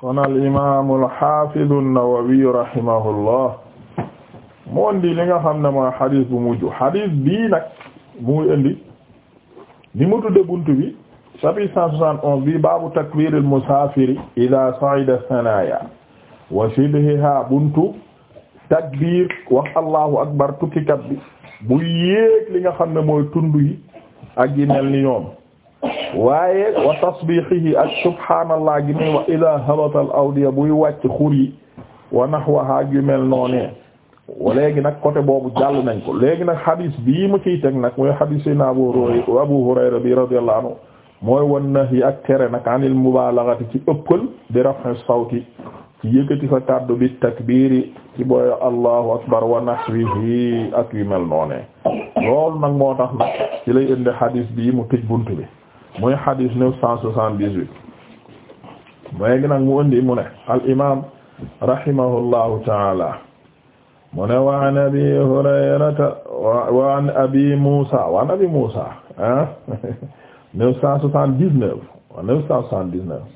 kon al imaam al mu indi li nga xam ne mooy xadis bu mujj xadis bii nag muy indi ni mu tudde bunt bi chapitre cent soixante onze bi baabu takbiir al musaafiri idaa sa'ida sanaaya wa shibhihaa buntu takbiir wax allahu akbar tukkikat bi bu yéeg li nga xam ne mooy tund yi ak ni ñoom waaye wa tasbihihi ak subhaanallah gi muy wax ila habata al buy wàcc xur yi wa nahwaha yu mel noonee léegi nag côté boobu jàll nañ ko léegi nag hadis bii mu ci teg nag mooy hadis sayna abu hurayra abu hurayra bi radiyallahu mooy wan na ak tere nag anil mubalagati ci ëppal bi raf'i sawti ci yëkkati sa kàddu bi takbiri ci booy allahu akbar wa nahwihi ak yu mel noonee loolu nag moo tax nag ci lay indi hadis bii mu tëj bunt bi muy hadis neuf cent soixante-dix-huit léegi nag mu indi mu ne al imam rahimahullahu taala mu ne wa an abi hurayrata wa an abi musa wa an abi musa ah neuf cent soixante-dix-neuf neuf cent soixante-dix-neuf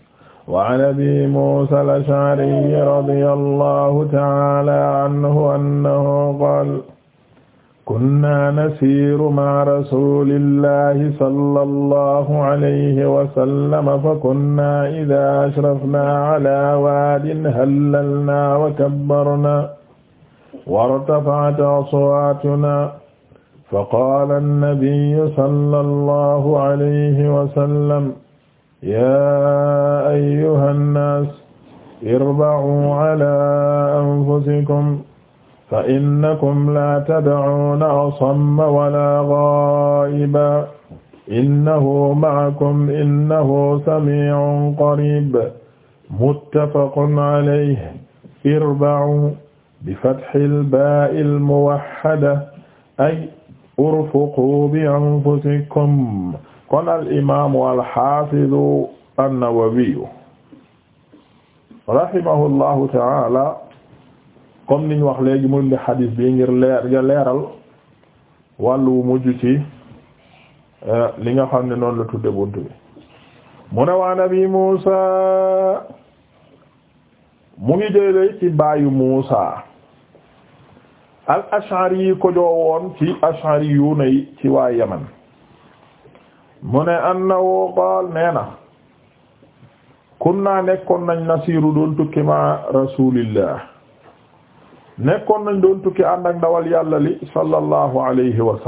wa an abi musa al-ash'ari radiyallahu taala anhu annahu qala kunna nasiiru ma rasulillahi sallallahu alayhi wa sallam fa kunna idaa ashrafna ala waadin hallalna wa kabbarna wartafa'at aswaatuna faqaala annabiyyu sallallahu alayhi wa sallam yaa ayyuhan naas irba'uu ala anfusikum fa innakum la tad'uuna asamma wala ghaa'iban innahu ma'akum innahu samii'un qariib muttafaqun alayhi irbacu bifathil baa'il muwahhada ay urfuqu bi anfusikum kon al imaamu al haafidu an-nawawiyu rahimahullahu ta'aala comme niñ wax léegi mu indi xadiis bi ngir leer leeral wàllu mujj ci eh, li nga xam ne noonu la tudde bunt bi mu ne waa nabi Muusa mu ngi jëlee ci baayu Muusa al ashari yi ko joowoon ci ashari yu nay ci waa Yaman mu ne annahu qaal nee na kunna nekkoon nañ nasiru doon tukki ma rasulillah nekkoon nañ doon tukki ànd ak ndawal yàlla li sallallahu alayhi wa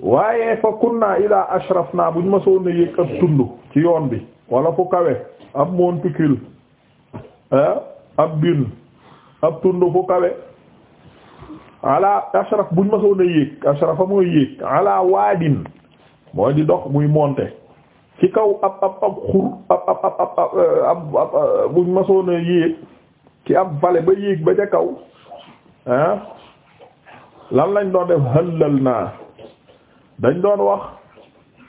waaye fa kunna ila ashrafna buñ ma soon a yéeg ab tund ci yoon bi wala fu kawe ab monticule ab dune ab tund fu kawe ala ashraf buñ ma soon a yéeg ashrafa mooy yéeg ala waadin mooy di dox muy monter ci kaw ab ab ab xur ab ab ab ab ab buñ ma soon a yéeg ci ab vallée ba yéeg ba ca kaw ah lan lañ doon def hëllal naa dañ doon wax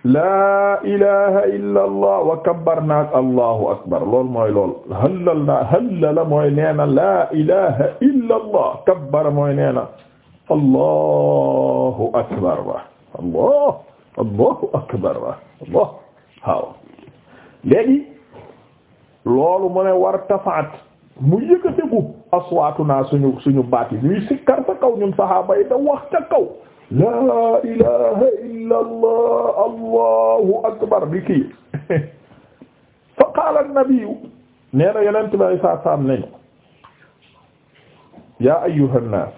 laa ilaha illa allah wa kabbarna allahu akbar lool mooy lool hëllal naa hëllala mooy neena laa ilaha illa allah mooy neena allah akbar ba allah waaw léegi loolu war tafaat mu yëkkatiku aswaatunaa suñu suñu baat yi ñuy sikkar sa kaw ñun saxaaba yi da wax ca kaw laa ilaha illa allah allahu akbar bi kii fa qaala an-nabiyyu nee na yonent bi alayhi salaatu salaam nañu yaa ayyuha an-naas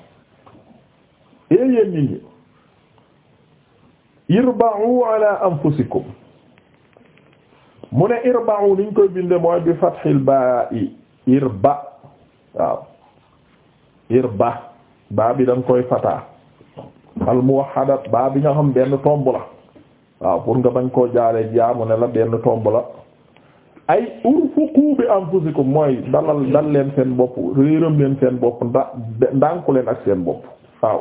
yéen nit ñi irba'u ala anfusikum mu ne irba'u liñ koy binde mooy bi fathil baa'i irba waaw irba baa bi da koy fataa al muwahhada baa bi nga xam benn tomb la waaw pour nga bañ koo jaaree jaamu ne la benn tomb la ay urfuqu bi anfusikum mooy dalal dal leen seen bopp réeram leen seen bopp nda ndànku leen ak seen bopp waaw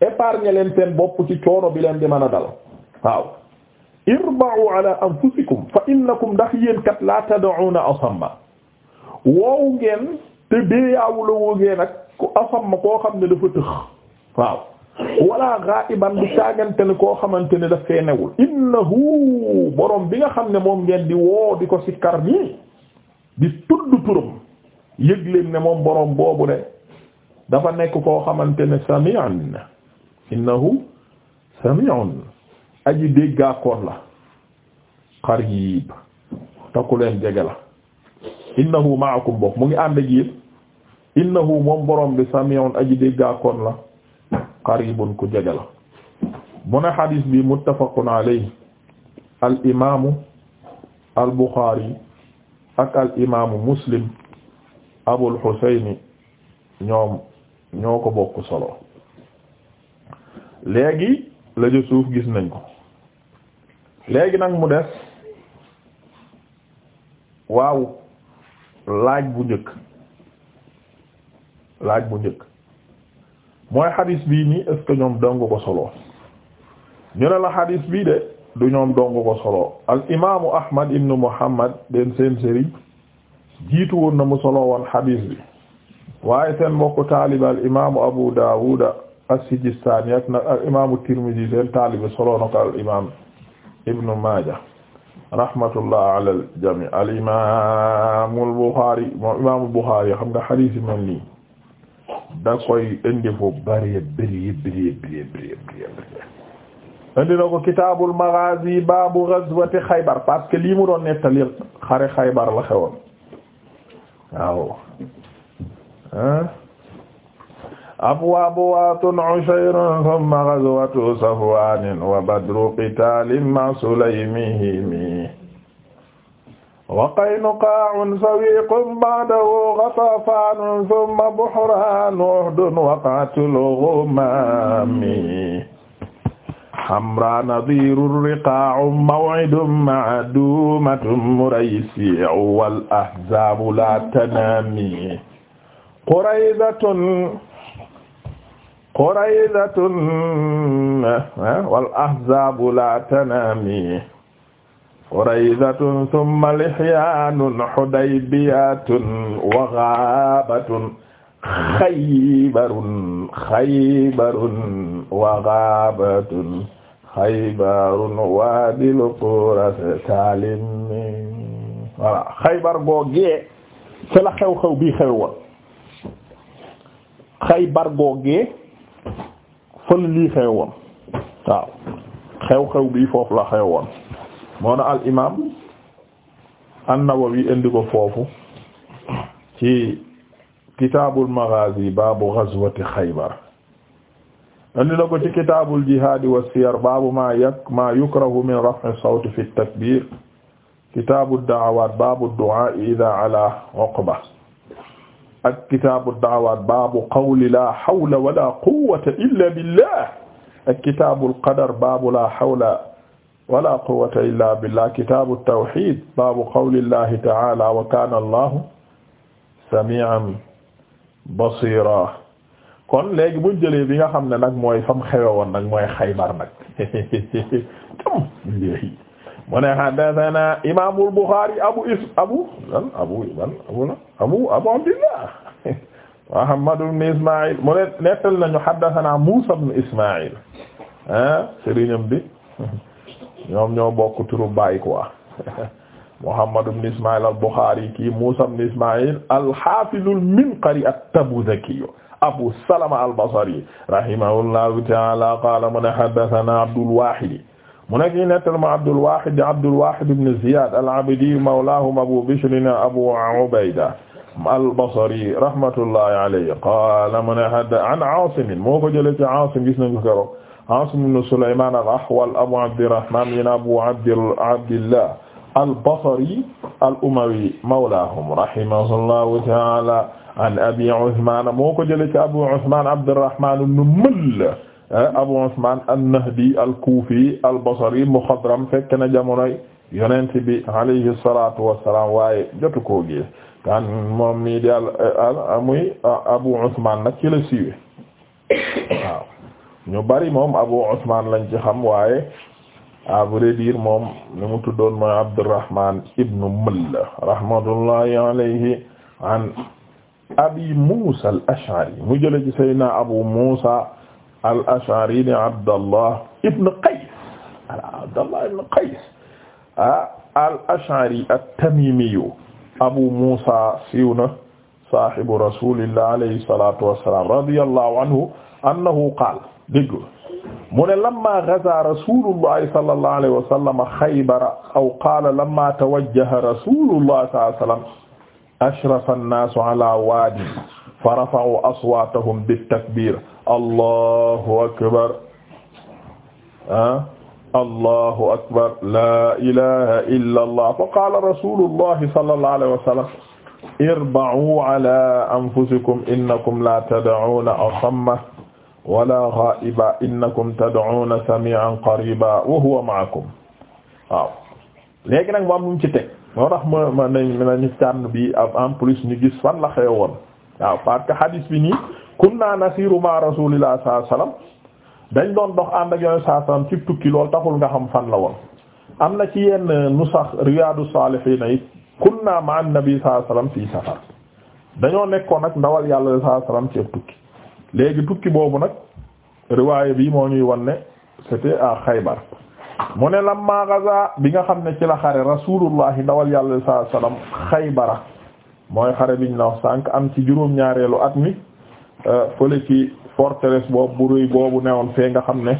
épargne leen seen bopp ci coono bi leen di mën a dal waaw irba'u ala anfusikum fa innakum ndax yéen kat la tad'una asamma wow ngeen te dee yaawula woo ngeen ak asam ma koo xam ne dafa tëx waaw wala ghaiban du caagante ne koo xamante ne daf fee newul innahu boroom bi nga xam ne moom ngeen di woo di ko sikkar nii di tudd turam yëg leen ne moom boroom boobu rek dafa nekk koo xamante ne sami'un innahu sami'un aji déggaakoon la xariib taku leen jege la innahu ma'akum bokk mu ngi ànd ak yéen innahu moom borom bi sami'un aji déggaakoon la qaribun ku jege la mu ne xadis bi muttafaqun alayhi al imaamu al buxaari ak al imaamu muslim abul xuseyni ñoom ñoo ko bokk solo léegi la jo gis nañ ko léegi nag mu des waaw laaj bu njëkk laaj bu njëkk mooy xadis bii nii est ñoom dong ko solo ñu ne la xadis bii de du ñoom dong ko solo al imaamu Ahmad ibn Muhammad den seen jiitu woon na mu solo woon xadis bi waaye seen mbokku taalib al imaamu Abu Dawud as-Sijistani al imaamu Tirmidhi seen taalib solo na ko al imaam Ibn Maaja rahmatullah ala al jami al imam al Bukhari moom imam al Bukhari xam nga hadith yi mel nii da koy indi fu bari bari bari bari bari indi na ko kitaabul maghazi baabu ghazwati Xaybar parce que lii mu doon nettali xare Xaybar la xewoon waaw ah abwaabu waatun ushayrun thumma ghazwatu safwaanin wa badru qitaalin ma'a sulaymihimi wa qaynuqaa'un sawiiqun ba'dahu ghataafaanun thumma buhraanun uhdun waqa'atul ghumaami hamraa nadiirun riqaa'un maw'idun ma'duumatun muraysi'un wal ahzaabu laa tanaami quraydatun quraydatun wal ahzaabu la tanami quraydatun thumma lihyaanun hudaybiyatun wa ghaabatun xaybarun xaybarun wa ghaabatun xaybarun waadil qurat taalimi voilà xaybar googee ci la xew-xew bi xew wa xaybar googee fël lii xew woon waaw xew-xew bi foofu la xew woon moo na al imaam an-Nawawi indi ko foofu ci kitaabul maghazi baabu ghazwati Xaybar indi na ko ci kitaabul jihaadi wa siyar baabu maa yak maa yukrahu min raf'i sawti fi takbiir kitaabud da'awaat baabu du'aa idaa alaa uqba ak kitaabu daawaat baabu qawli laa hawla wala quwwata illa billah ak kitaabul qadar baabu laa hawla wala quwwata illa billah kitaabu tawhiid baabu qawli llahi ta'aala wa kaana allahu samii'an basiira kon léegi buñ jëlee bi nga xam ne nag mooy fam xewe woon nag mooy Xaybar nag mu ne haddasanaa imaamul Buxaari abu is abu lan abu lan abu lan abu abu abdillah muhammad ibn ismail mu ne nettal nañu haddathana musa ibn ismail ah sëriñam bi ñoom ñoo bokk turu baay quoi muhammad ibn ismail al bukhari kii musa ibn ismail al hafiz al minqari at tabuzaki abu salama al basri rahimahullahu ta'ala qala mu ne haddathana abdul wahid mu nekk ñu nettal ma abdul wahid abdul wahid ibn ziyad al abdi mawlahum abu bishr abu ubayda al-Basri rahmatullahi alayhi qaala mu ne an Aasim moo ko jëlee ci Aasim gis nañ ko keroog Aasim ibn Sulaymaan al-Ahwal Abu Abdirrahmaan min Abu Abdillah al-Basri al-Umawi mawlaahum rahimahullahu ta'aala an Abi Usmaan moo ko jëlee ci Abu Usmaan Abdirrahmaan ibn Mull Abu Usmaan an-Nahdi al-Kuufi al-Basri muxadram fekk na jamonoy Yonent bi alayhi salaatu wa salaam waaye jotu koo gis kan moom nii al muy Abu Usman nag ci la siiwe ñu bari moom Abu Usman lañ ci xam waaye à vrai moom li mu tuddoon mooy Abdurrahman ibn Mull rahmatullahi alayhi an Abi Musa al-Ash'ari mu jële ci Seydina Abu Musa al ni Abdallah ibn Qays Abdallah ibn Qays ah, al-Ash'ari at abu musa siiw na sahibu rasulillah alayhi salatu wassalam radiyallahu anhu annahu qaal dégg mu ne lamma gaza rasulullahi sallallahu alayhi wa sallam xaybara aw qaala lamma tawajjaha rasulullahi sallallahu alayhi wa sallam ashrafa annaasu ala waadi fa rafa'u aswaatahum bittakbiir allahu akbar ah allahu akbar la ilaha illa allah fa qaala rasulullahi sallallahu alayhi wa sallam irba'u ala anfusikum innakum la tad'una asamma wala gha'iba innakum tad'una sami'an qariba wa huwa ma'akum waaw léegi nag mu am ñu ci teg moo tax ma ma nañ nañu tànn bi en plus ñu gis fan la xew woon waaw parce que hadis bi nii kunna nasiru ma rasulillah sallallahu alayhi wa sallam dañ doon dox ànd ak yoneen saa salaam ci tukki loolu taxul nga xam fan la woon am na ci yenn nu sax riyaadu saalihiin yi kunna ma annabi saa salaam fii safar dañoo nekkoon nag ndawal yàlla saa salaam ci tukki léegi tukki boobu nag riwaaya bii moo ñuy wan ne c'était à Xaybar mu ne la gaza bi nga xam ne ci la xare rasuulullahi ndawal yàlla saa salaam Xaybara mooy xare biñ la wax am ci juróom-ñaareelu at mi euh, fële ci. forteresse boobu bu rëy boobu neewoon fee nga xam ne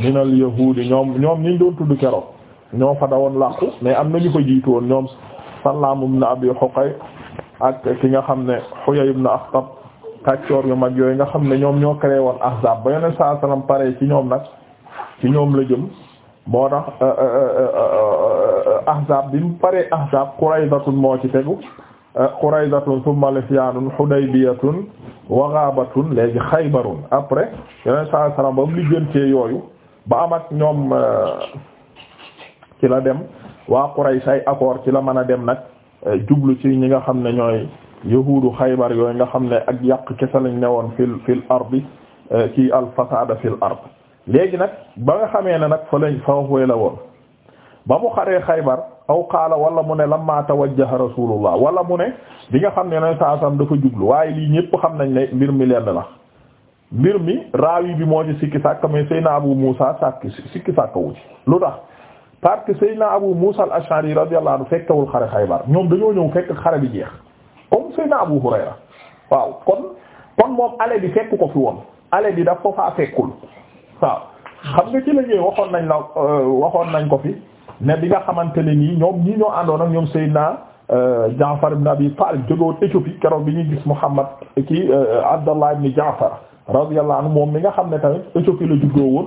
minal yahuudi ñoom ñoom ñi doon tudd keroog ñoo fa dawoon làqu mais am na ñu fa jiitu woon ñoom na ab ibn Abi Huqay ak ki nga xam ne Huyay ibn Akhtab kàccoor yu mag yooyu nga xam ne ñoom ñoo créé woon ahzaab ba yeneen saa salaam pare ci ñoom nag ci ñoom la jëm moo tax euh, euh, euh, ahzaab bi mu paree ahzaab Quraydatun moo ci tegu. Qurayzatun thumma Lifyaanun Hudaybiyatun wa Ghaabatun léegi Xaybarun après yeneen saa salaam ba mu liggéeyantee yooyu ba am ak ñoom euh, ci la dem waa Quraysh say accord ci la mën a dem nag euh, jublu ci ñi nga xam ne ñooy yahuudu Xaybar yooyu nga xam ne ak yàq kese lañ newoon fil fil ardi euh, ci al fasaada fil ard léegi nag ba nga xamee ne nag fa lañ fa la woon ba mu xaree Xaybar. aw qaala wala mu ne lamma tawajjaha rasulullah wala mu ne bi nga xam ne yonent saa sallam dafa jublu waaye lii ñëpp xam nañ ne mbir mi lenn la mbir mi raawi bi moo ci sikki sàkk mais Seydina Abu Muusa sàkk sikki sàkk wu ci lu tax parce que Seydina Abu Muusa al-Ash'ari radiyallahu anhu fekkewul xare Xaybar ñoom dañoo ñëw fekk xare bi jeex comme Seydina Abu Hurayra waaw kon kon moom ale bi fekk ko fi woon ale bi daf ko faa fekkul waaw xam nga ci la waxoon nañ la euh, waxoon nañ ko fi ne bi nga xamante ne nii ñoom ñii ñoo àndoon ak ñoom Seydina euh, Jaafar ibn Abi Taalib jógoon Éthiopie keroog bi ñuy gis Muhammad ki euh, Abdallah ibn Jaafar radiyallahu anhu moom mi nga xam ne tamit Éthiopie la juddoo woon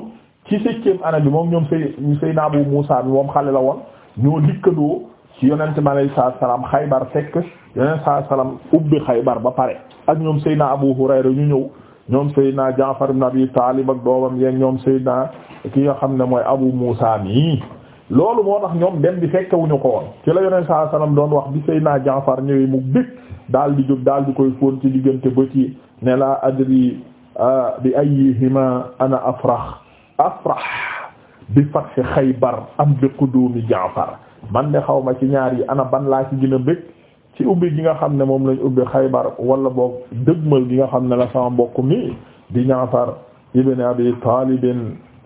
ci septième année bi moom ñoom Sey Seydina Abu Muusa moom xale la woon ñoo dikkandoo ci yonent bi alayhi salaam Xaybar fekk yonent salaatu salaam ubbi Xaybar ba pare ak ñoom Seydina Abu Hurayra ñu ñëw ñoom Seydina Jaafar ibn Abi Taalib ak doomam yeeg ñoom Seydina ki nga xam ne mooy Abu Muusa mi loolu moo tax ñoom dem di fekkewuñu ko ci la yoneen saa salaam doon wax bi naa Jaafar ñëwee mu bég daal di jóg daal di koy fóon ci diggante bët yi ne laa adri ah, bi ayyihima ana afrax afrax bi fathi Xaybar am bi qudumi Jaafar man de xaw ma ci ñaar yi ana ban laa ci gën a ci ubbi gi nga xam ne moom lañ ubbi Xaybar wala boog dëgmal gi nga xam ne la sama mbokk mi di Jaafar ibn Abi Taalib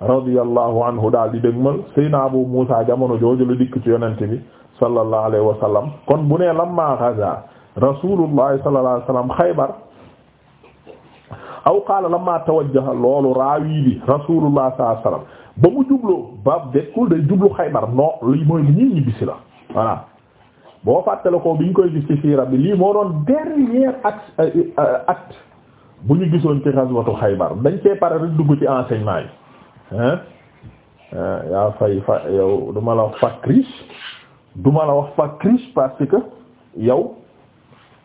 radiyallahu anhu daal di dégmal sayna Abu Musa jamono jooju la dikk ci yonent bi sallallahu alayhi wa sallam kon bu nee lamma ghaza rasulullahi sallallahu alayhi wa sallam Xaybar aw qaala lamma tawajjaha loolu raawi bi rasulullah sallallahu alayhi wa sallam ba mu jubloo ba dekkul day jublu Xaybar non lii mooy li ñuy ñibbisi la voilà boo fàttale ko bi ñu koy gis ci siira bi lii moo doon dernier acte euh, euh, acte bu ñu gisoon ci ghazwatu Xaybar dañ cee pare di dugg ci enseignement yi Euh, yaa fay fa yow du la wax fac riche la wax fac riche parce que yow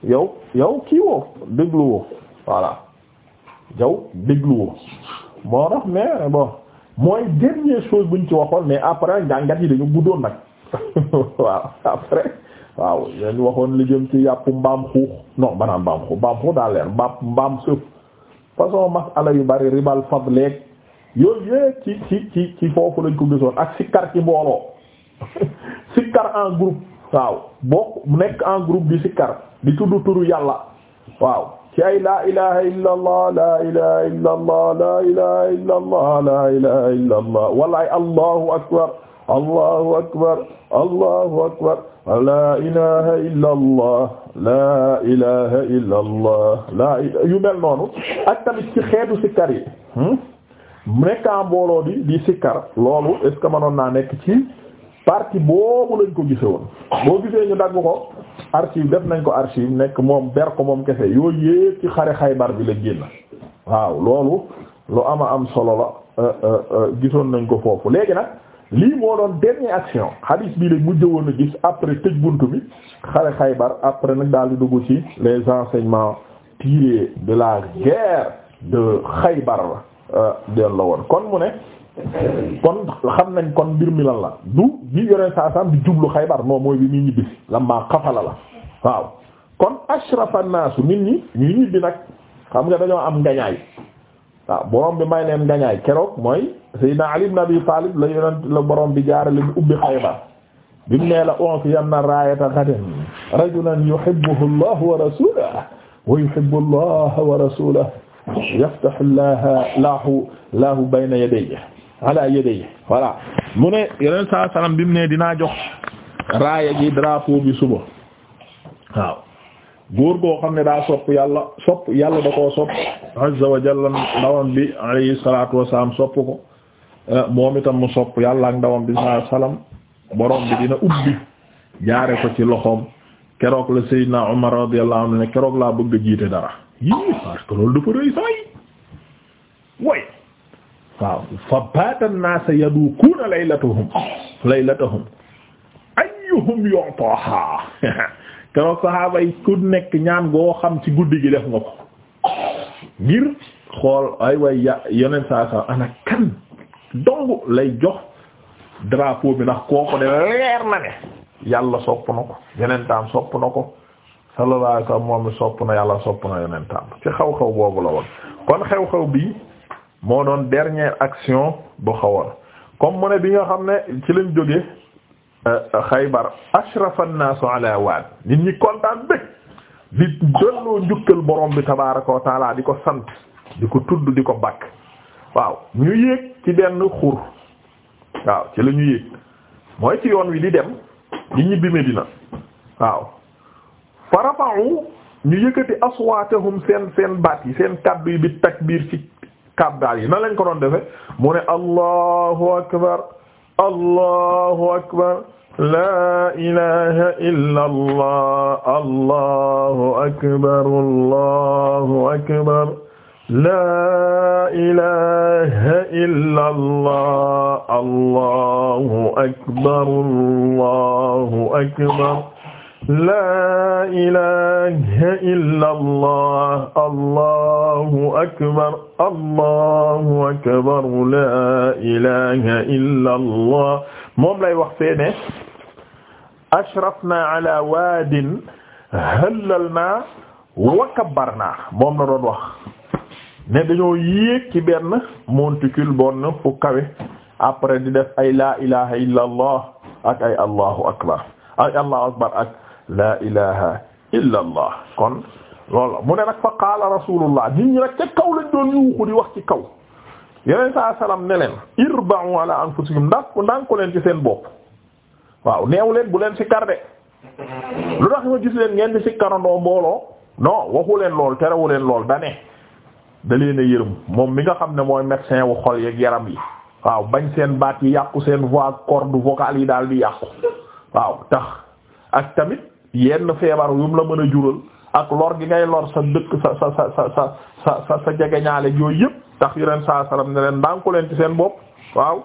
yow yow kii woo déglu woo moo tax mais bon mooy dernière chose buñ ci waxoon mais après njàngat yi dañu guddoon nag waaw après waaw leen waxoon li ci yàpp mbaam xuux non banaan mbaam xuux mbaam xuux daa leer mbaam mbaam sëf façon masala yu bari ribal fadleek yooyu yëpp ci ci ci ci foofu ak sikkar ci mbooloo sikkar en groupe waaw bokk nekk en groupe di sikkar di tudd turu yàlla waaw ci ay laa ilaha illa allah laa ilaha illa allah laa ilaha allah laa ilaha illa allah akbar allahu akbar akbar laa ilaha illa allah laa ilaha illa allah laa mel noonu ak tamit ci xeetu sikkar nekk en mbooloo di di sikkar loolu est ce que mënoon naa nekk ci partie boobu lañ ko gise woon boo gisee ñu dagg ko archive def nañ ko archive nekk moom ber ko moom kese yooyu yépp ci xare xaybar bi la génn waaw loolu lu ama am solo la euh, euh, euh, gisoon nañ ko foofu léegi nag lii moo doon dernière action hadis bii lañ mujj woon a gis après tëj bunt bi xare xaybar après nag daal di dugg ci les enseignements tirés de la guerre de xaybar la Euh, delloo woon kon mu ne kon xam nañ kon mbir mi lan la du bi yore saa saam di jublu xaybar non mooy bi muy ñibbisi lammaa xafala la waaw kon ashrafa naasu nit ñi ñuy ñibbi nag xam nga dañoo am ngañaay waaw borom bi may leen ngañaay keroog mooy Seydina Ali na Abi Talib la yonent la borom bi jaarale bi ubbi xaybar bi mu nee la unsiyanna raayata gadan rajulan yuhibbuhu Allah Allah wa rasuluhu yaftahu llaahu lahu bayna yadayhi ala yadayhi voilà mu ne yeneen saa salaam bi ne dinaa jox raaya ji drapeau bi suba waaw góor goo xam ne daa sopp yàlla sopp yàlla da koo sopp azza wa jalla ndawam bi alayhi salaatu wa sopp ko eh, moom itam mu sopp yàlla ak ndawam bi saa salaam borom bi dina ubbi jaare ko ci loxoom keroog la Seydina Umar radiyallahu anhu ne keroog laa bëgg jiite dara. yii parce que loolu dafa rëy saway way waaw fa baata an-naasa yadukuuna laylatahum laylatahum ayyuhum yu'taaha keroog saxaaba yi ku nekk ñaan goo xam ci guddi gi def nga ko ngir xool ay way ya yeneen saa saa ana kan dong lay jox drapeau bi ndax kooku de leer na ne yàlla sopp na ko yeneen taam sopp na ko sallallahu alayhi wasallam moom sopp na yàlla sopp na yonentam ci xew-xew boobu la woon kon xew-xew bi moo doon dernière action bu xawoon comme mu ne bi nga xam ne ci lañ jóge euh, Xaybar ashrafa an-nas ala waad nit ñi kontaan bég di delloo njukkal borom bi tabaaraka wa di ko sant di ko tudd di ko bakk waaw ñu yéeg ci benn xur waaw ci la yéeg mooy ci yoon wi di dem di ñibbi Medina waaw fa rafa'u ñu yëkkati aswaatahum seen seen baat yi seen kaddu yi bi takbiir ci kabdaal yi na lañ ko doon defe mu ne allahu akbar allahu akbar laa ilaha illa allah allahu akbar allahu akbar laa ilaha illa allah allahu akbar allahu akbar laa ilaaha illallah allahu akbar allahu akbar laa ilaaha illallah moom lay wax fee ne ashrafnaa alaa waadin hallalnaa wa wax ne dañoo yéeg ci benn monticule bonn fu kawe après di def ay laa ilaaha illallah ay allahu akbar ay allahu akbar la ilaha illa allah kon loolu la mu ne nag fa qaala rasulullah nit ñi nag ca kaw lañ doon yuuxu di wax ci kaw yeneen saa salaam ne leen irba'u ala anfusikum ndax ndànk ko leen ci seen bopp waaw neew leen bu leen sikkar de lu tax ma gis leen ngeen di sikkarandoo mbooloo non waxu leen lool terewu leen lool dane da leen a yërëm moom mi nga xam ne mooy médecin wu xol yeek yaram yi waaw bañ seen baat yi yàqu seen voix cordes vocales yi daal di yàqu waaw tax ak tamit yenn feebar yu la mën a jural ak lor gi ngay lor sa dëkk sa sa sa sa sa sa sa sa jegeñaale yëpp tax yeneen saa salaam ne leen ndànku leen ci seen bopp waaw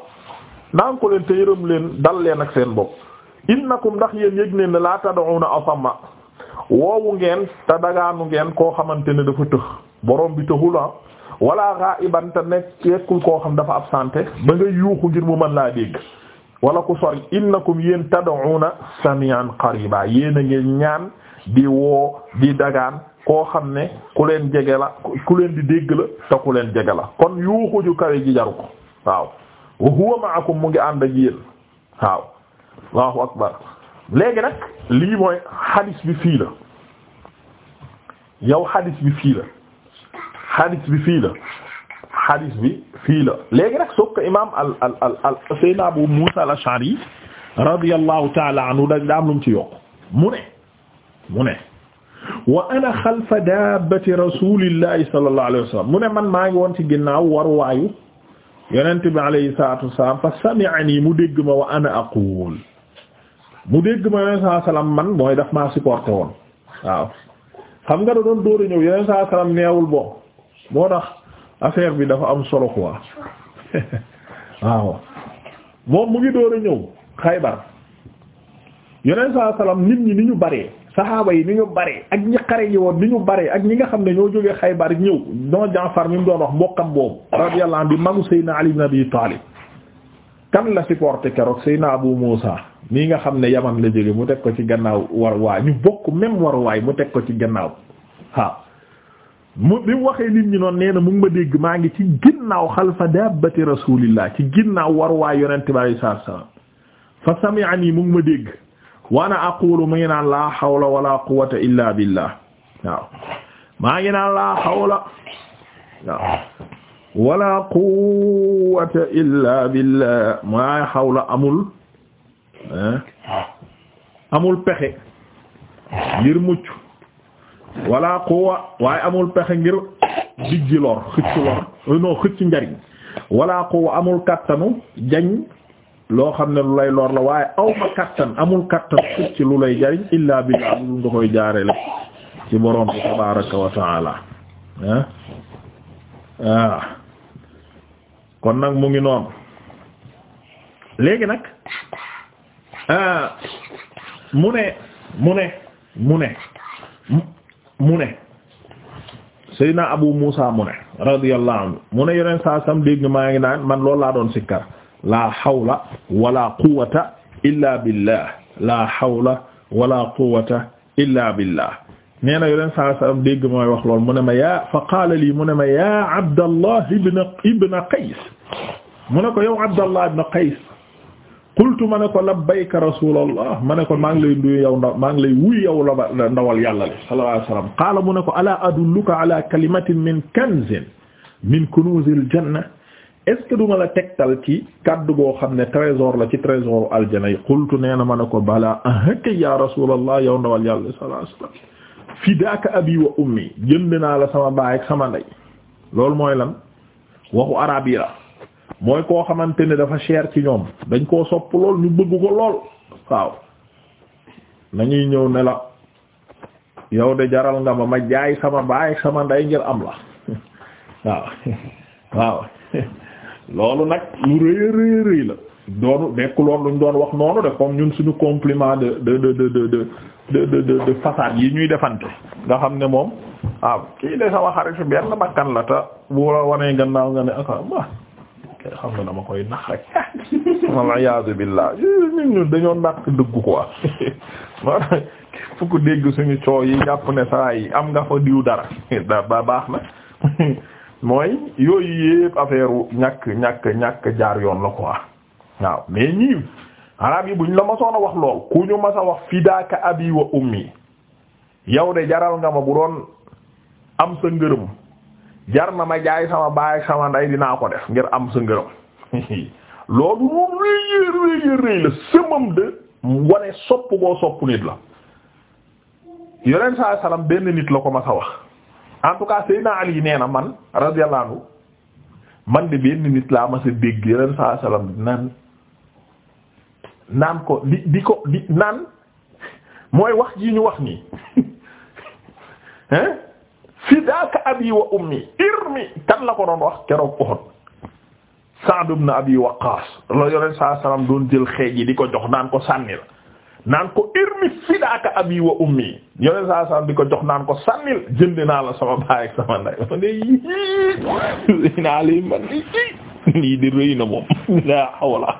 ndànku leen te yërëm leen dal leen ak seen bopp innakum ndax yéen yëg ne laa tad'una asamma woowu ngeen te dagaanu ngeen koo xamante ne dafa tëx borom bi tëxul ah wala gha'iban te nekkul koo xam dafa absenté ba nga yuuxu ngir mu mën laa dégg wala ku sori innakum yéen tad'una sami'an qariba yéen a ngeen ñaan di woo di dagaan koo xam ne ku leen jege la ku leen di dégg la te ku leen jege la kon yuuxu ju kawe ji jaru ko waaw wa huwa ma'akum mu ngi ànd ak yéen waaw allahu akbar léegi nag lii mooy xadis bi fii la yow xadis bi fii la xadis bi fii la hadis bi fii la léegi nag sokko imaam al al al al Seydina Abu Muusa al-Ash'ari radiyallahu ta'ala anhu da daam lu mu ci yokk mu ne mu ne wa ana xalfa daabati rasulillahi sallallahu alayhi wa sallam mu ne man maa ngi woon ci ginnaaw war waayu yonent bi alayhi salatu wasalam fa sami'ani mu dégg ma wa ana aqul mu dégg ma yonent saa salaam man mooy daf maa supporté woon waaw xam nga da doon dóor a ñëw yonent saa salaam neewul bon moo tax affaire bi dafa am solo quoi waaw moom mu ngi door a ñëw Xaybar yeneen saa salaam nit ñi ni ñu baree saxaaba yi ni ñu baree ak ñi xare yi woon ni ñu baree ak ñi nga xam ne ñoo jógee Xaybar ñëw don Jaafar mi mu doon wax mbokkam boobu radiyallahu anhu bi magu Seydina Ali ibn Abi Talib kan la supporté keroog Seydina Abu Muusa mii nga xam ne Yaman la jóge mu teg ko ci gannaaw war waay ñu bokk même war waay mu teg ko ci gannaaw waaw mu bi mu waxee nit ñi noonu nee na mu ngi ma dégg maa ngi ci ginnaaw xalfa dabbati rasulillah ci ginnaaw war waay yonente bi alayhi salaatu salaam fa sami'ani mu ngi ma dégg wa ana mu ngi naan laa hawla wala quwwata illa billah maa ngi naan laa hawla waaw wala quwwata illa billah maa hawla amul eh, amul pexe ngir mucc wala quwwa waaye amul pexe ngir diggi lor xëcc lor euh, non xëcc njariñ wala quwwa amul kattanu jañ loo xam ne lu lay lor la waaye awma kattan amul kattan xëcc lu lay jariñ illaa billah lu nga koy jaarele ci borom bi tabaraka wa ah. kon nag mu ngi noon léegi nag ah, mu ne mu ne mu ne mu ne Seydina Abu Musa mu ne radiyallahu anhu mu ne yeneen saa sam dégg maa ngi naan man loolu laa doon sikkar la hawla wala quwwata illa billah la hawla wala quwwata illa billah nee na yeneen saa sam dégg mooy wax lool mu ne ma yaa fa qaala lii mu ne ma yaa Abdallah ibn ibn Qays mu ne ko yow Abdallah ibn Qays qultu ma ne ko labbayka rasulallah ma ne ko maa ngi lay nuyu yow ndaw maa ngi lay wuy yow la ndawal yàlla li sallallahu alayhi wasallam qaala mu ne ko ala adulluka ala kalimatin min kanzin min kunuzil janna est ce que duma la tegtal ci kaddu goo xam ne trésor la ci trésor aljana yi qultu nee na ma ne ko bala ahaka ya rasulallah yow ndawal yàlla li sallallahu alayhi wasallam fidaaka abi wa ummi jënd naa la sama baay ak sama ndey loolu mooy lan waxu araab yi la mooy koo xamante ne dafa cher ci ñoom dañ koo sopp lool ñu bëgg ko lool waaw nañuy ñëw ne yow de jaral nga ma ma jaay sama baay sama nday ngir am la waaw waaw loolu nag lu rëy rëy rëy la doonu dekkuloon luñ doon wax noonu de comme ñun suñu compliment de de de de de de de de façade yi ñuy defante nga xam ne moom waaw kii de sama xarit benn bakkan la te bu la wanee gannaaw nga ne aka ah, ah, xam nga dama koy nax rek wal iyaadu billaah ñun ñun dañoo nàq dëggu quoi fu ko dégg suñu coow yi jàpp ne saa yi am nga fa diw dara da baax na mooy yooyu yëpp affaire ñàkk ñàkk ñàkk jaar yoon la quoi waaw mais ñii arab yi buñ la masoon a wax lool ku ñu mas a wax fidaaka abi wa ummi yow de jaral nga ma bu doon am sa ngërëm jar na ma jaay sama baay sama nday dinaa ko def ngir am sa ngërëm loolu moom réyee réyee réy la sëmam de wane sopp boo sopp nit la yonent saa salaam benn nit la ko ma sa wax en tout cas Seydina Ali nee na man radiyallahu anhu man de benn nit laa ma sa dégg yonent saa salaam naan naan ko di di ko di naan mooy wax ji ñu wax nii hein fidaaka abi wa ummi irmi kan la ko doon wax keroog Uhud Sa'd ibn Abi Waqqas la yoneen saa salaam doon jël xeej yi di ko jox naan ko sànnil naan ko irmi fidaaka abi wa ummi yoneen saa salaam di ko jox naan ko sànnil jënd naa la sama baay sama ndey ma ne yii naa leen man na moom laa hawla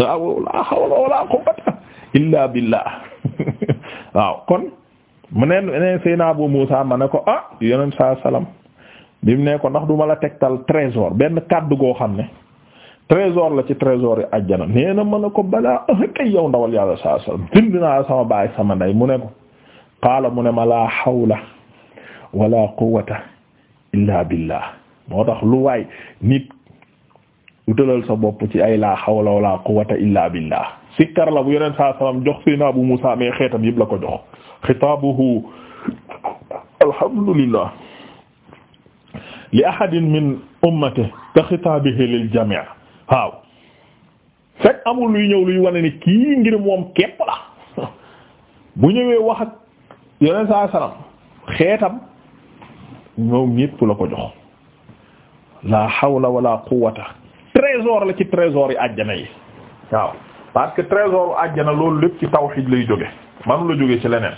laa hawla wala quwwata illa waaw kon mu neen neen Seyna Abu Muusa ma ne ko ah yoneen sa salaam bi mu ne ko ndax duma la tegtal trésor benn kàddu goo xam ne trésor la ci trésor yi àjjana nee na ma ne ko balaa ah, kay yow ndawal yàlla saa salaam bind naa sama baay sama ndey mu ne ko qaala mu ne ma laa hawla wala quwwata illaa billah moo tax lu waay nit utalal sa bopp ci ay laa hawla wala quwwata illaa billah sikkar la bu yeneen saa salaam jox Seydina Abu Musa mais xeetam yëpp la ko jox xitaabuhu alhamdulillah li ahadin min ummatihi ka xitaabihi lil jamii waaw fekk amul luy ñëw luy wane ni kii ngir moom képp la ñëwee wax ak yeneen saa salaam xeetam ñoom ñëpp la ko jox la hawla wala quwwata trésor la ci trésor yi àjjana yi parce que trésor àjjana loolu lépp ci tawhid lay jóge manu la jóge ci leneen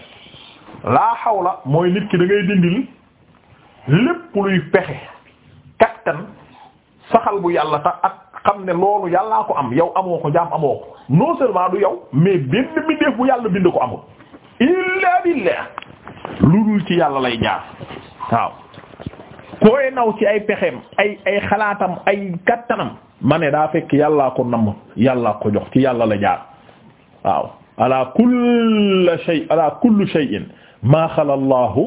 laa la mooy nit ki dangay ngay dindil lépp luy pexe kattan saxal bu yàlla tax ak xam ne loolu yàllaa ko am yow amoo ko jaam amoo ko non seulement du yow mais benn bindeef bu yàlla bind ko amul illa billah lu dul ci yàlla lay jaar waaw kooy naw ci ay pexeem ay ay xalaatam ay kattanam ma ne daa fekk yàllaa ko namm yàllaa ko jox ci yàlla la jaar waaw ala kulli shay ala kulli shay'in maa xala allahu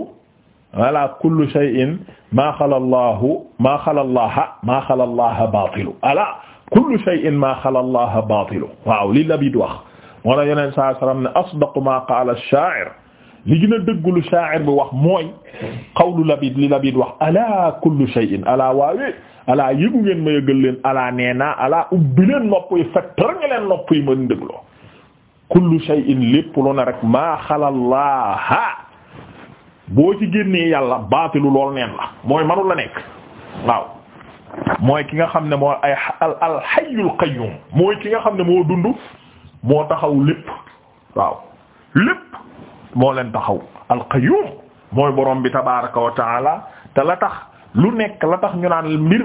ala kulli shay'in maa xala allahu maa xala allaha maa xala allaha baatilu ala kulli shay'in maa xala allaha baatilu waaw li la bi wax moo la yeneen saa sallam ne asdaqu maa qaala ash-sha'ir li gën a dëggulu bi wax mooy qawlu Labid li Labid wax alaa kullu shay'in alaa waawe alaa yëgu ngeen ma yëgal leen alaa nee naa alaa ubbi leen nopp yi fettar nga leen nopp mën dégloo kullu shay'in lépp lu ne rek maa xalallaaha boo ci génnee yàlla baatilu lool neen la mooy manu la nekk waaw mooy ki nga xam ne moo ay al hayyul mooy ki nga xam ne moo dund moo taxaw lépp waaw lépp moo leen taxaw alqayyum mooy borom bi tabaraka wa taala te la tax lu nekk la tax ñu naan mbir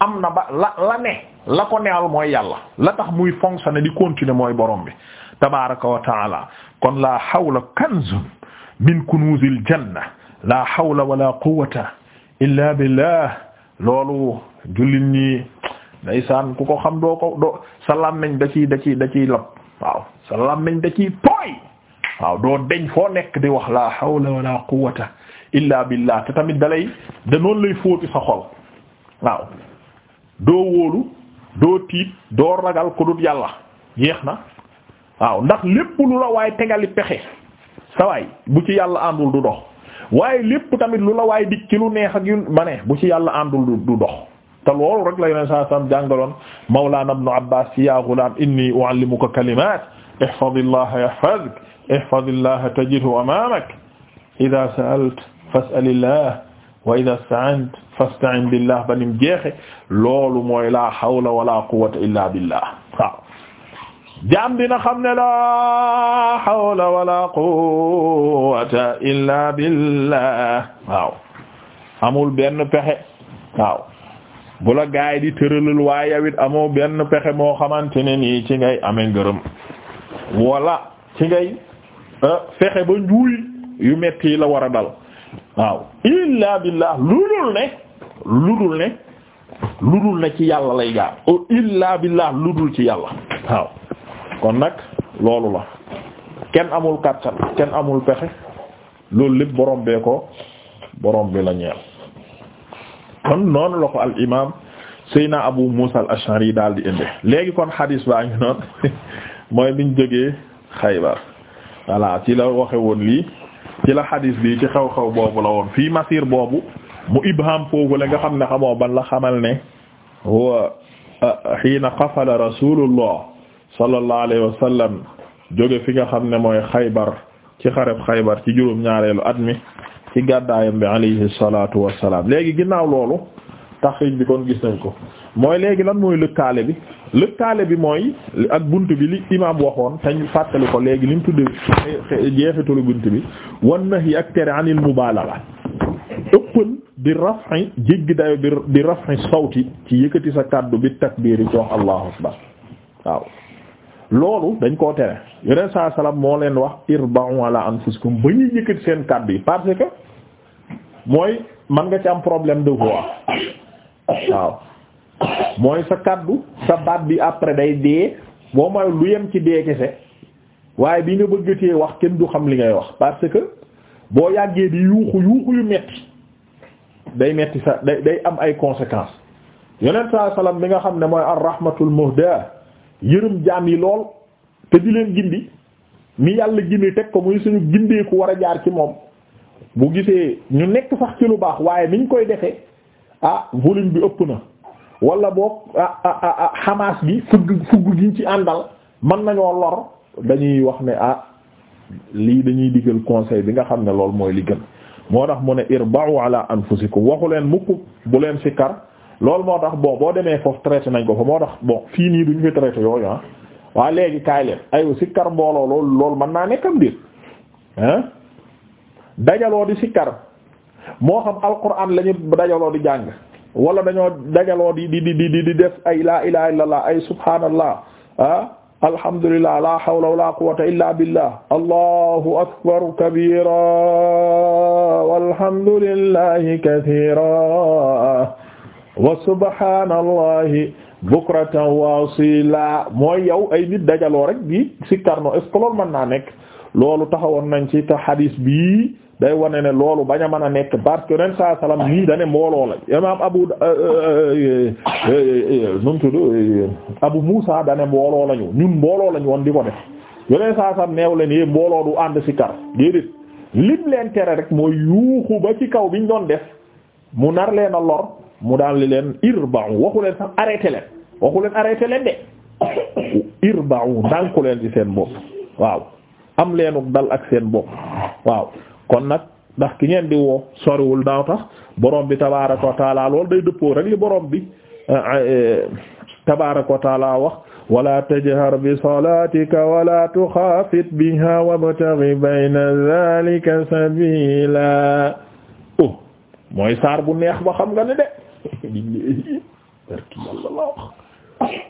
am na ba la la ne la ko neal mooy yàlla la tax muy fonctionner di continuer mooy borom bi tabaraka wa taala kon la hawla kanzun min kunuzil janna la hawla wala quwwata illa billah loolu jullit ñi ndeysaan ku ko xam doo ko doo sa làmmiñ da ciy da da ciy lab waaw sa làmmiñ da waaw doo deñ foo nekk di wax la hawla wala quwwata illa billah te tamit dalay da noonu lay fóoti sa xol waaw doo wóolu doo tiit doo ragal ko yàlla jeex na waaw ndax lépp lu la waaye tegali pexe sa waay bu ci yàlla àndul du dox waaye lépp tamit lu la waaye dik ci lu neex ak yu ma bu ci yàlla àndul du dox te loolu rek la yoneen saa sam jàngaloon mawlaana ibnu abbaas ya ghulaam inni u'allimuka kalimaat ihfadillah yahfazuk ihfazillaha tajidhu amamak ida sa'alta fas'alillah wa ida sta'anta fasta'in billah ba nim jeexe loolu mooy la hawla wala quwwata illa billah waaw jaam dina xam ne la hawla wala quwwata illa billah waaw amul benn pexe waaw bu la gaay di tëralal waaye yawit amoo benn pexe moo xamante ne nii ci ngay amee ngërëm wala ci ngay Ah, fexe ba njuuy yu metti yi la war a dal waaw illa billah lu dul ne lu dul ne lu dul ne ci yàlla lay gaar o oh, illa billah lu dul ci yàlla waaw kon nag loolu la kenn amul kàttan kenn amul pexe loolu lépp borom bee ko borom bi la ñeel kon noonu la ko al imaam Seyna Abu Musa al Ash'ari daal di indi léegi kon xadiis baa ngi noonu mooy biñ jógee Xaybar voilà ci la waxe woon lii ci la xadis bi ci xew-xew boobu la woon fii masir boobu mu ibham foofu la nga xam ne xamoo ban la xamal ne huwa xiina ah, qafala rasulullah sallallahu alayhi wa fi nga xam ne mooy xaybar ci xareb xaybar ci juróom ñaareelu at mi ci gàddaayam bi alayhi salatu wassalam léegi ginnaaw loolu taxriij bi kon gis nañ ko mooy léegi lan mooy lëkkaale bi lëkkaale bi mooy ak bunt bi li imaam waxoon tañ fàttali ko léegi li mu tudde jeexitalu bunt bi wan nahi ak tere anil mubaalaga ëppal di raf'i jéggi dayo bi di raf'i sawti ci yëkkati sa kàddu bi takbiir ci wax allahu akbar waaw loolu dañ ko tere yeneen saa salaam moo leen wax irba'u ala anfusikum ba ñuy yëkkati seen kàddu yi parce que mooy man nga ci am problème de voix waaw mooy sa kaddu sa baat bi après day dee boo mooy lu yem ci dee kese waaye bi nga bëggatee wax kenn du xam li ngay wax parce que boo yàggee di yuuxu yuuxu yu metti day metti sa day day am ay conséquences yonent saa bi nga xam ne mooy ar-rahmatul muhda yërëm jaam yi lool te di leen gindi mi yàlla gindi teg ko muy suñu gindeeku war a jaar ci moom bu gisee ñu nekk sax ci lu baax waaye niñ koy defee ah volume bi ëpp na wala boog ah ah ah xamaas ah, gi fugg fugg giñ ci àndal mën nañoo lor dañuy wax ne ah lii dañuy digal conseil bi nga xam ne loolu mooy li moo tax mu ne irba'u ala anfusikum waxu leen mukk bu leen si sikkar loolu moo tax boo boo demee foofu traité nañ ko fa moo tax bon fii nii duñu fi traité yooyu ah waa léegi kaay leen si sikkar mbooloo loolu loolu mën naa nekkam déet ah dajaloo di sikkar moo xam alquran la ñu dajaloo di jàng wala dañoo dajaloo di di di di di def ay laa ilaha illallah ay subhanallah ah, alhamdulillah la hawla wala quwwata illa billah allahu akbar kabira walhamdulillahi kathira wa bukratan wasila mooy yow ay nit dajaloo rek di sikkarno est-ce que loolu mën naa nekk loolu taxawoon nañ ci te bi day wane ne loolu bañ a man a nekk parce que ren saa salaam nii dane mbooloo la imaam abu euh, euh, euh, nu mu tudd abu Musa dane mbooloo la ñu ñun mbooloo lañu ñu woon di ko def yeneen saa salaam neew leen yéen mbooloo du ànd si kar déedéet lim leen tere rek mooy yuuxu ba ci kaw biñ doon def mu nar leen a lor mu daal di leen irba'u waxu leen sax arrêté leen waxu leen arrêté leen de irba'u ndànku leen ci seen bopp waaw am leenuk dal ak seen bopp waaw. kon nag ndax ki ngeen di woo soriwul daaw tax borom bi tabaaraka wa taala loolu day dëppoo rek li borom bi eh, eh, tabaaraka wa taala wax wala tajhar bi salatika wala tuxaafit biha wabtaghi bayna dhalika sabila oh mooy saar bu neex ba xam nga ne de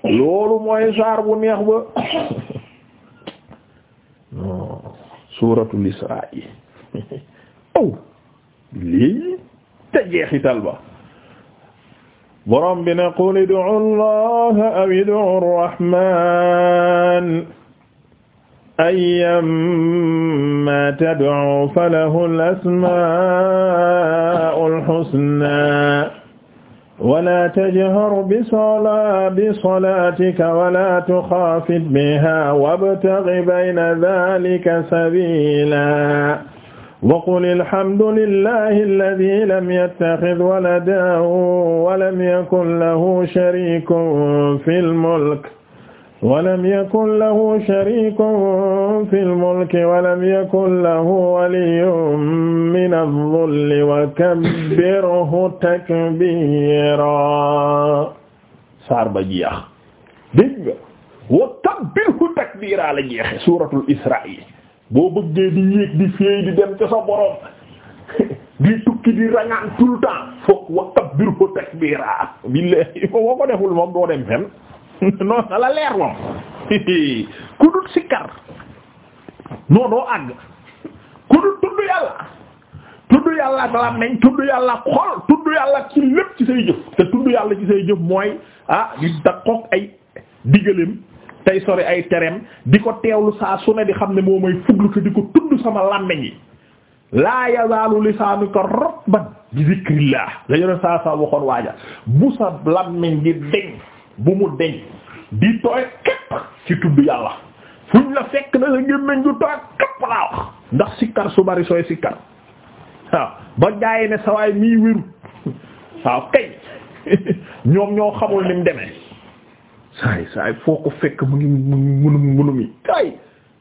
loolu mooy saar bu neex ba suratul israa aw oh, lii te jeexital ba borom bi ne qul ud'u allaha aw ud'u arrahman ayyamma tad'u falahu al-asma'ul husna wala tajhar bi sola bi solatika wala tuxaafid biha wabtaghi bayna dhalika sabila waqul alhamdulillahi alladi lam yattaxid waladan walam yakun lahu sharikun fil mulk walam yakun lahu sharikun fil mulki walam yakun lahu waliyyun mina zulli wa kabbirhu takbiira. saar ba jeex dégg nga wa kabbirhu takbiira la jeex suuratul Israa boo bëggee di yéeg di féey di dem ca sa borom di tukki di rañaan tout le temps foog wa kabbirhu takbira billahi boo ko deful moom doo dem fen non na la leer moom ku dut sikkar non doo àgg ku tudd yàlla tudd yàlla ak làmmiñ tudd yàlla ak xol tudd yàlla ci lépp ci say jëf te tudd yàlla ci say jëf mooy ah di dakkook ay digaleem tey sori ay tereem di ko teewlu saa su ne di xam ne moo may fuglu te di ko tudd sama làmmiñ yi laa yazaalu lisaanuka rabban bi zikrillah la yoneen saa saa waxoon waaja bu sa làmmiñ di deñ bu mu deñ di tooy képp ci tudd yàlla fuñ la fekk na sa gémmiñ du tooy képp laa wax ndax sikkar su bari sooy sikkar waaw ba jaayi ne sawaay mii wéru waaw kay ñoom ñoo xamul ni mu saay saay foo ko fekk mu ngi munu munu mi saay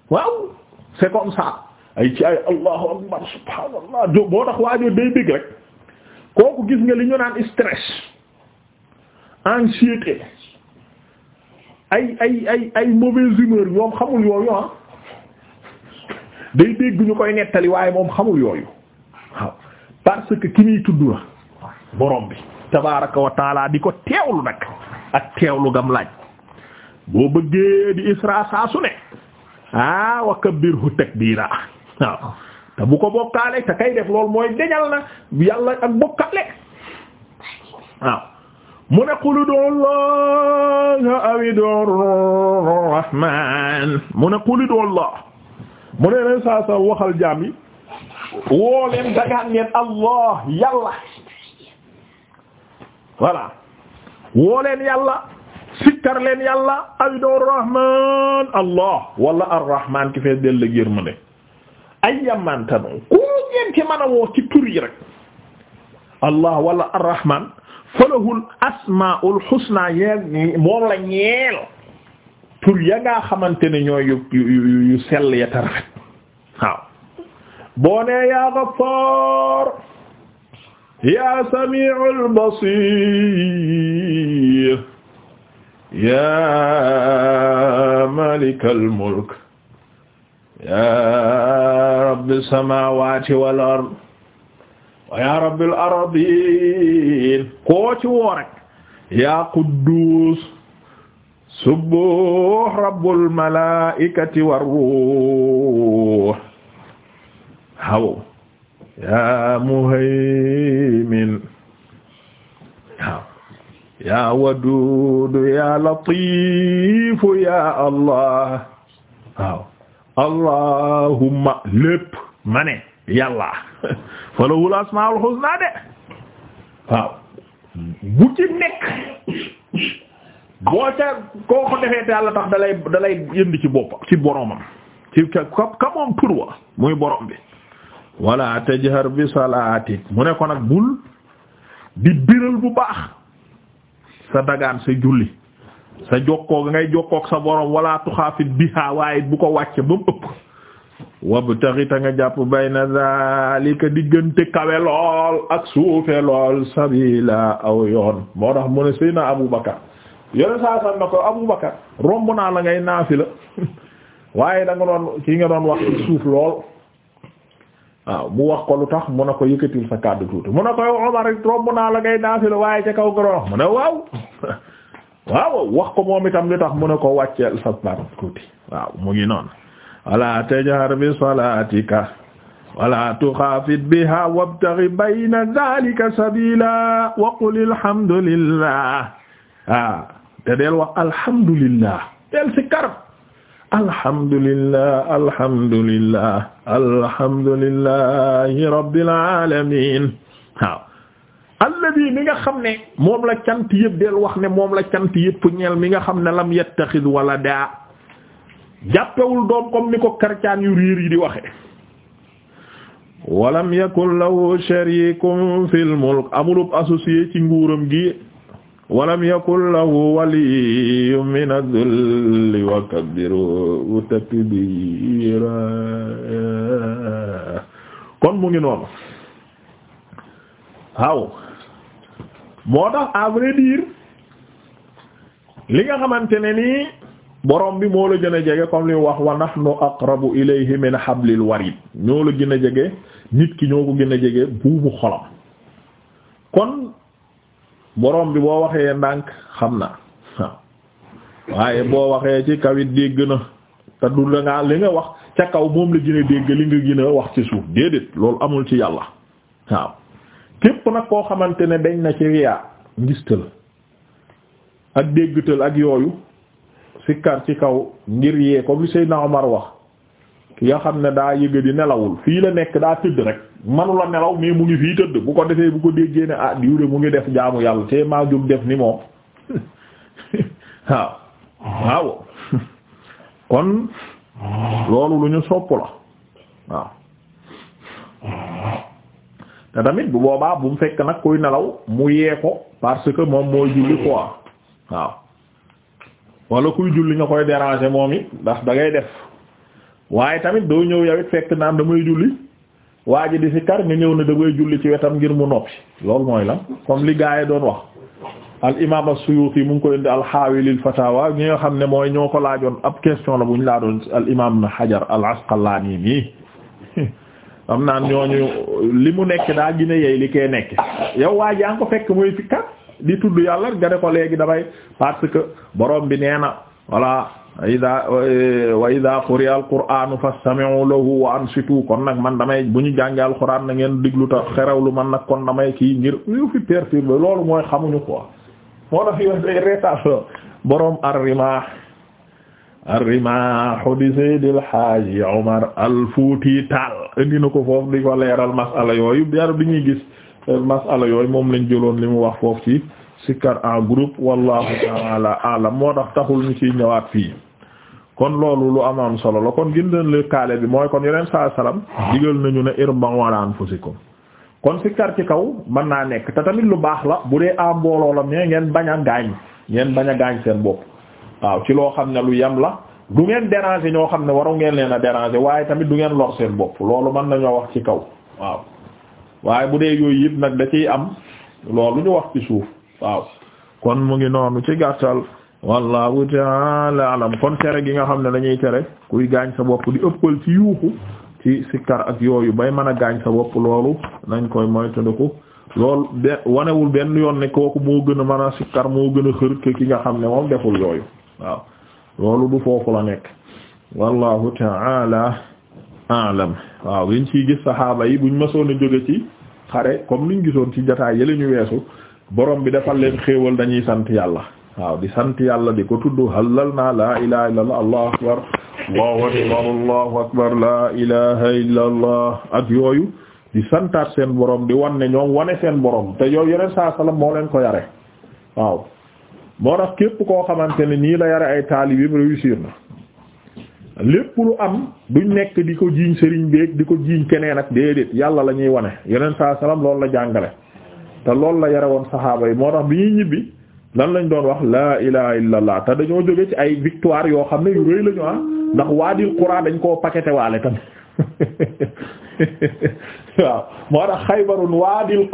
waaw c'est comme ça ay ci ay allahu akbar subhaanallah jo boo tax waajoo day dégg rek kooku gis nga li ñu naan stress anxiété ay ay ay ay mauvaise humeur moom xamul yooyu ah day dégg ñu koy nettali waaye moom xamul yooyu waaw parce que ki muy tudd la borom bi tabaaraka wa taala di ko teewlu nag ak teewlu gam laaj boo bëggee di isra saa ne ah wa kabbirhu takbira te bu ko bokkaale te kay def loolu mooy deñal na yàlla ak bokkaale waaw mu ne qul ud'u mu ne leen saa sa waxal jaam yi woo leen dagaan ngeen Allah yàlla voilà woo leen yàlla sikkar leen yàlla aydor rahman allah wala arrahman ki fees del la gér mu ne ay yamantano ku ngeen ci mën a woo ci tur yi rek allah wala arrahman falahul asmaul husna yee moom la ñeel tur ya ngaa xamante ne ñooy yu yu yu sell ya ta rafet waaw boo nee yaa Ghaffar yaa Samiul Basir yaa malikal mulk yaa rabbi samaawaati wal ard wa yaa rabbil ardiin koo ci woo rek yaa qudduus subbuux rabbul malaa'ikati war ruux haw yaa muhaymin yaa waduudu yaa latiifu yaa allah allahumma lépp ma ne yàlla falahul asmaul husna de waaw bu ci nekk boo ca koo ko defee te yàlla tax dalay dalay yënd ci boppam ci boromam ci ka ka moom wa muy borom bi wala tajhar bi salaatik mu ne nag bul di bu baax sa dagaan sa julli sa jokkoo ngay jokkoog sa borom walaatu tuxaafit biha waaye bu ko wàccee ba mu ëpp wabtaxi ta nga jàpp bayna zalika diggante kawe lool ak suufe lool sabila aw yoon moo tax mu ne Seydina Abu Bakar yone saa na ko Abu Bakar romb naa la ngay naafi la waaye da doon kii nga doon wax suuf lool waaw mu wax ko lu tax mu ne ko yëkkatil sa kàddu tuuti mu ne ko yow Omar naa la ngay naafila waaye ca kaw goro mu ne waaw waaw wax ko moom itam lu tax mu ne ko wàccel sa kàddu tuuti waaw mu ngi noonu wala tajhar bi salatika wala tuxaafit biha wabtaghi bayna dhalika sabila wa qul alhamdulillah ah te deel wax alhamdulillah deel si karab alhamdulillah alhamdulillah alhamdulillahi rabbil alamin waaw alladi mi nga xam ne moom la cant yëpp del wax ne moom la cant yëpp ñeel mi nga xam ne lam yattaxid wala daa jàppewul doom comme ni ko karcaan yu riir yi di waxe walam yakun lahu sharikun fil mulk amulub associé ci nguuram gi walam yakun lahu waliyyun min adh-dhulli wa kabbirhu takbira kon mu ngi noonu waaw moo tax à li nga xamante ne nii borom bi moo la gën a jege comme li wax wa nahnu aqrabu ilayhi min hablil warid ñoo la gën a jege nit ki ñoo ko gën a jege buubu xolam kon borom bi boo waxee ndànk xam na waaye boo waxee ci kawit dégg na te du la ngaa li nga wax ca kaw moom la gën a dégg li nga gën a wax ci suuf déedéet loolu amul ci yàlla waaw képp nag koo xamante ne dañ na ci riyaa ngistal ak déggtal ak yooyu sikkar ci kaw ngir yee ko bi Seydina mar wax ki nga xam ne daa yëga di nelawul fii la nekk daa tëdd rek manu la nelaw mais mu ngi fii tëdd bu ko defee bu ko déggee ne ah diw mu ngi def jaamu yàlla te maa jóg def ni moom waaw waaw kon loolu lu ñu sopp la waaw te tamit bu boobaa bu mu fekk nag kuy nelaw mu yee ko parce que moom mooy julli quoi waaw wala kuy julli nga koy déranger moom it ndax da ngay def waaye tamit doo ñëw yow it fekk naan damay julli waa ji di si kar nga ñëw ne damay julli ci wetam ngir mu noppi lool mooy la comme li gaa yi doon wax al imaam as-Suyuti mu ngi koy indi al-Haawilil Fatawa ñi nga xam ne mooy ñoo ko laajoon ab question la bu ñu laa doon al imaam na Hajar al-Asqalaani nii am naan ñooñu li mu nekk daa gine yeey li koy nekk yow waa ji yaa ngi ko fekk muy fi kar di tudd yàlla nga ne ko léegi damay parce que borom bi nee na ida eh, wa ida quri'a al-qur'anu fastami'u lahu wa ansitu kon nag man damay bu ñu jàngee alquran na ngeen diglu ta xerewlu man nag kon damay kii ngir yu fi perturbé loolu mooy xamuñu quoi moo tax yow day reetaan borom ar-rimah ar-rimah di Seydil Haaji Omar al-Fuuti Taal indi na ko foofu di ko leeral masala yooyu biar bi ñuy gis eh, masala yooyu moom lañ jëloon li mu wax foofu ci sikkar en groupe wallahu ta'ala a'lam moo tax taxul ñu ciy ñëwaat fii kon loolu lu amoon solo la kon gën leen lëkkaale bi mooy kon yeneen saa salaam digal nañu ne irbaw ala ko kon sikkar ci kaw mën naa nekk te tamit lu baax la bu dee a mbooloo la mais ngeen bañ a gaañ ngeen bañ a gaañ seen bopp waaw ci loo xam ne lu yem la du ngeen déranger ñoo xam ne waru ngeen leen a déranger waaye tamit du ngeen lor seen bopp loolu mën nañoo wax ci kaw waaw waaye bu dee yooyu yëpp nag da ciy am loolu ñu wax ci suuf waaw kon mu ngi noonu ci gàttal. wallahu taala alam kon tere gi nga xam ne dañuy tere kuy gaañ sa bopp di ëppal ci yuuxu ci sikkar ak yooyu bay mën a gaañ sa bopp loolu nañ koy moytandiku loolu de wanewul benn yoon ne kooku moo gën a mën a sikkar moo gën a xër ki nga xam ne moom deful yooyu waaw loolu du foofu la nekk wallahu taala alam waaw liñ ciy gis saxaaba yi buñ mësoon a jóge ci xare comme liñ gisoon ci jataay yële ñu weesu borom bi defal leen xéewal dañuy sant yàlla waaw di sant yàlla di ko tudd halal naa laa ilaha illa allah allahu akbar allahu akbar allahu akbar laa ilaha illa ak yooyu di santaat seen boroom di wan ne ñoom wane seen boroom te yow yeneen saa salaam moo leen ko yare waaw moo tax képp koo xamante ne nii la yare ay taalibeem réussir na lépp lu am du nekk di ko jiiñ sëriñ beek di ko jiiñ keneen ak déedéet yàlla la ñuy wane yeneen saa salaam loolu la jàngale te loolu la yare woon saxaaba yi moo tax bi ñuy ñibbi lan lañ doon wax laa ilaha illa allah te dañoo jóge ci ay victoire yoo xam ne yu rëy lañu ah ndax waadil qura dañ koo paqueté waale tamit waaw moo tax xaybarun waadil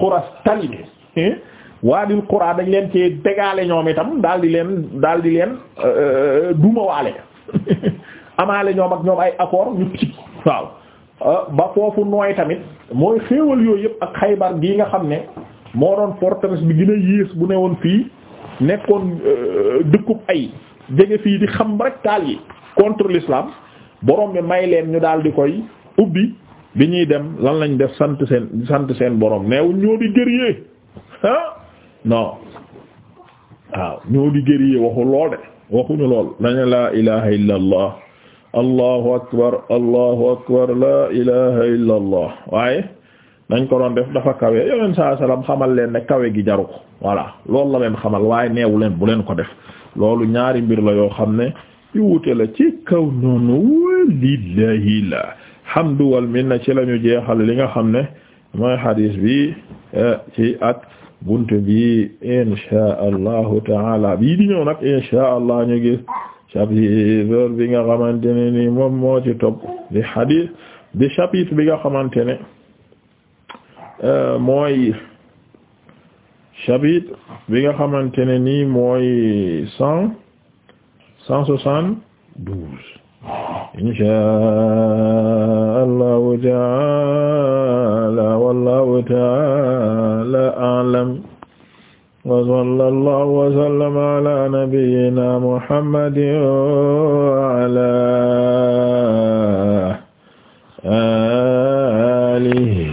qura dañ leen ci dégaale ñoom itam daal di leen daal di leen euh, euh, duma waale amaale ñoom ak ñoom ay accord ñu ci waaw euh, ba foofu nooy tamit mooy xéewal yooyu yëpp ak xaybar gii nga xam ne moo doon forteresse bi gën a yées bu ne woon fii nekkoon euh, dëkkub ay jege fii di xam rek taal yi contre l'islam borom bi may leen ñu daal di koy ubbi bi ñuy dem lan lañ def sant seen sant seen boroom neewuñ ñoo di guerrier ah non waaw ñoo di guerrier waxul lool de waxuñu lool dañu la ilaha illa allahu akbar allahu akbar la ilaha illa waaye nañ ko doon def dafa kawe yoneen saa salaam xamal leen ne kawe gi jaru ko voilà loolu la leen xamal waaye neewu leen bu leen ko def loolu ñaari mbir la yoo xam ne yu ci kaw noonu walillahi la hamdu wal minna ci la jeexal li nga xam ne mooy hadis bi eh, ci ak bunt bi insha allahu taala bii di ñëw nag insha allah ñu gis chapitre bi nga xamante ne ni moom moo ci topp di hadis di chapitre bi nga xamante ne Euh, mooy chapitre bi nga xamante ne nii mooy cent cent soixante douze inshaa allahu taala wallahu taala a'lam wa sallallahu wa sallama ala nabiyyina muhammadin wa ala alihi